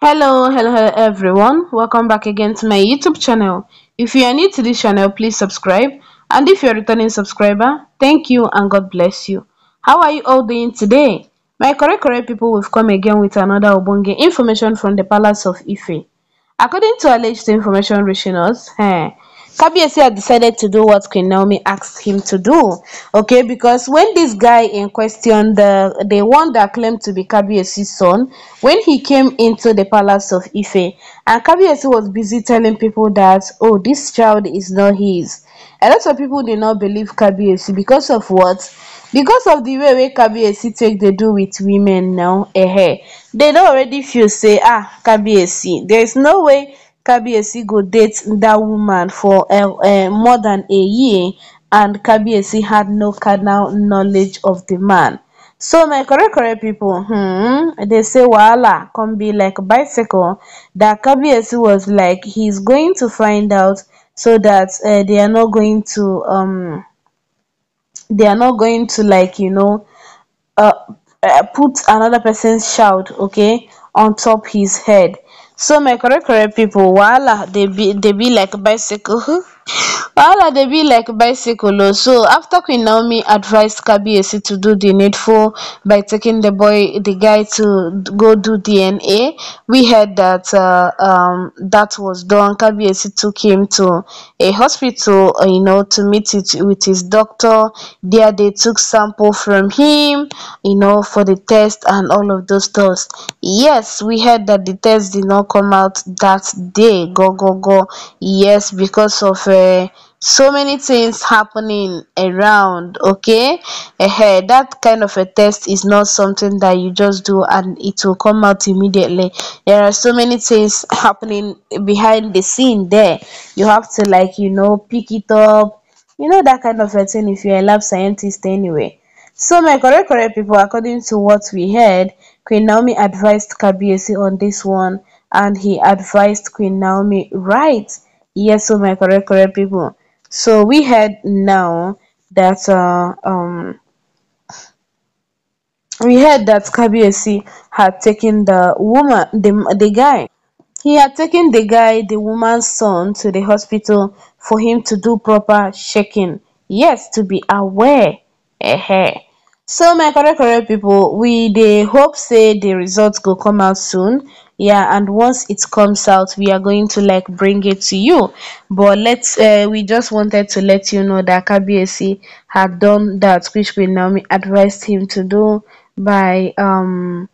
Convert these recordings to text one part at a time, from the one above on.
hello hello hello everyone welcome back again to my youtube channel if you are new to this channel please subscribe and if you're a returning subscriber thank you and god bless you how are you all doing today my correct correct people we've come again with another obonge information from the palace of ife according to alleged information reaching us eh, Kabiyesi had decided to do what Queen Naomi asked him to do. Okay, because when this guy in question, the the one that claimed to be Kabiyesi's son, when he came into the palace of Ife, and Kabiyesi was busy telling people that, oh, this child is not his. A lot of people did not believe Kabiyesi because of what? Because of the way way Kabiyesi take the do with women now, eh? eh. They already feel say, ah, Kabiyesi, there is no way kabiyesi go date that woman for um, um more than a year and kabiyesi had no carnal knowledge of the man so my correct correct people, um say wala come be like bicycle That kabiyesi was like hes going to find out so that uh, they are not going to um they are not going to like you know uh, uh put another person's child okay on top his head so my correct correct people wahala they be they be like bicycle wahala dey be like bicycle o oh. so after queen naomi advised kabiyesi to do di needful by taking the boy the guy to go do dna we heard that uh, um that was done kabiyesi took him to a hospital you know, to meet with his doctor There they took sample from him you know, for the test and all of those tests yes we heard that the test did not come out that day Go go go. yes because of uh, so many things happening around okay ahead that kind of a test is not something that you just do and it will come out immediately there are so many things happening behind the scene there you have to like you know pick it up you know that kind of a thing if you're a lab scientist anyway so my correct correct people according to what we heard queen naomi advised kabiesi on this one and he advised queen naomi right yes so my correct correct people so we had now that uh, um, we heard that Kabiesi had taken the woman, the, the guy. He had taken the guy, the woman's son, to the hospital for him to do proper checking. Yes, to be aware. So my correct correct people, we they hope say the results go come out soon yeah and once it comes out we are going to like bring it to you but let's uh, we just wanted to let you know that kbac had done that which we now advised him to do by um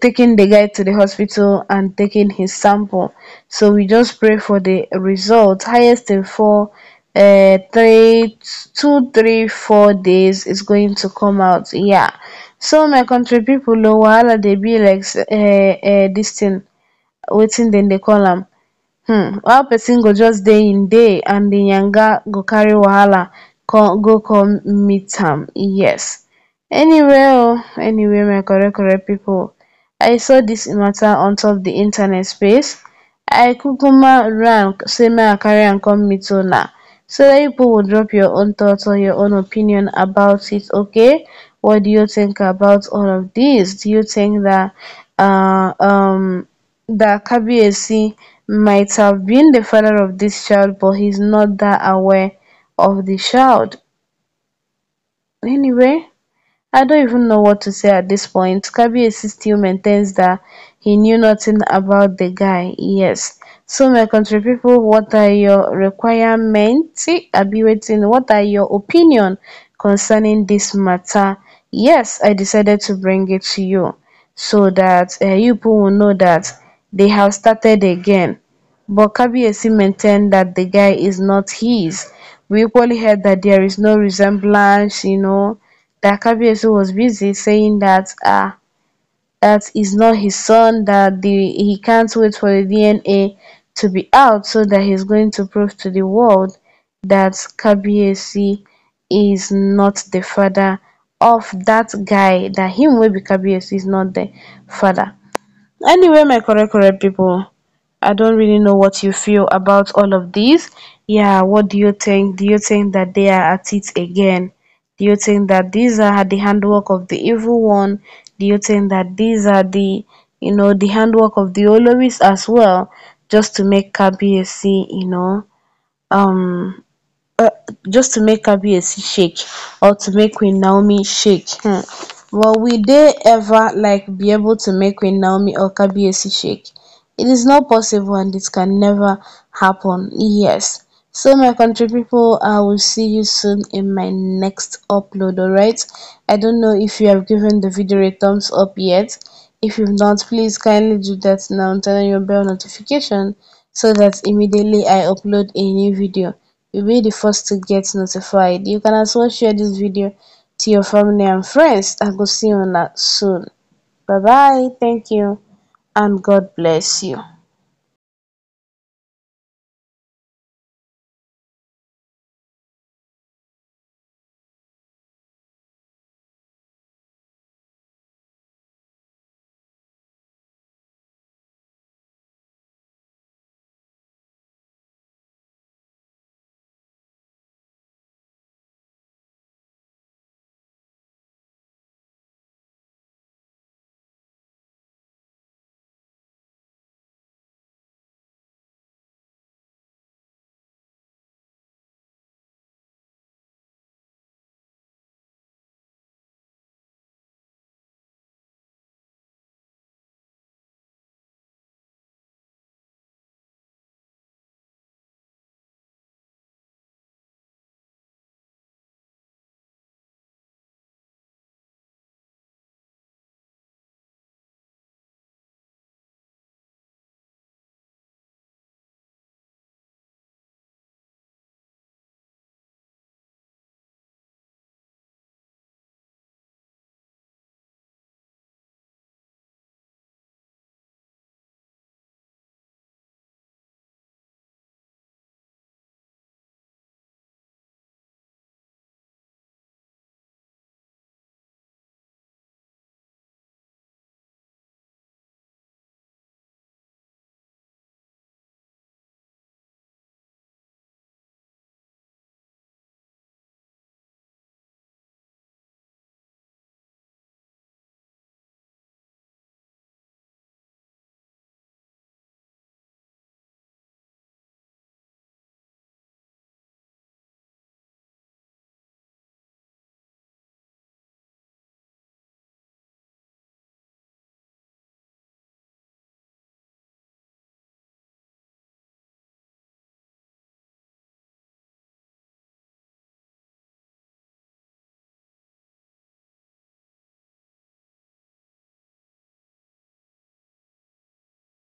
taking the guy to the hospital and taking his sample so we just pray for the result highest in four uh three two three four days is going to come out yeah so my country people know wahala they be like um um waiting tin wetin dem dey call them. Hmm. Our person go just day in day, and the yanga go carry wahala go come meet them. yes anywhere oh, anyway my correct correct people, i saw this on top of the internet space i could rank say my carry and come meet una so that you will drop your own thoughts or your own opinion about it okay what do you think about all of this? Do you think that uh, um, that Kabiesi might have been the father of this child, but he's not that aware of the child? Anyway, I don't even know what to say at this point. Kabiesi still maintains that he knew nothing about the guy. Yes. So my country people, what are your requirements? I'll be waiting. What are your opinion concerning this matter? Yes, I decided to bring it to you so that uh, you people will know that they have started again. But Kabiesi maintained that the guy is not his. We equally heard that there is no resemblance, you know, that Kabiesi was busy saying that uh, that is not his son, that the, he can't wait for the DNA to be out so that he's going to prove to the world that Kabiesi is not the father of that guy that him wey be is not the father. Anyway, my correct correct people, I don't really know what you feel about all of these. Yeah, what do you think? Do you think that they are at it again? Do you think that these are the handwork of the evil one? Do you think that these are the you know the handwork of the Oloris as well, just to make Kabiyesi, you know, um just to make Kabiyesi shake or to make Queen Naomi shake. Hmm. will they ever like be able to make Queen Naomi or Kabiyesi shake? It is not possible and it can never happen. Yes. So my country people, I will see you soon in my next upload, alright? I don't know if you have given the video a thumbs up yet. If you've not, please kindly do that now and turn on your bell notification so that immediately I upload a new video you'll be the first to get notified. You can as well share this video to your family and friends. I will see you on that soon. Bye bye. Thank you. And God bless you.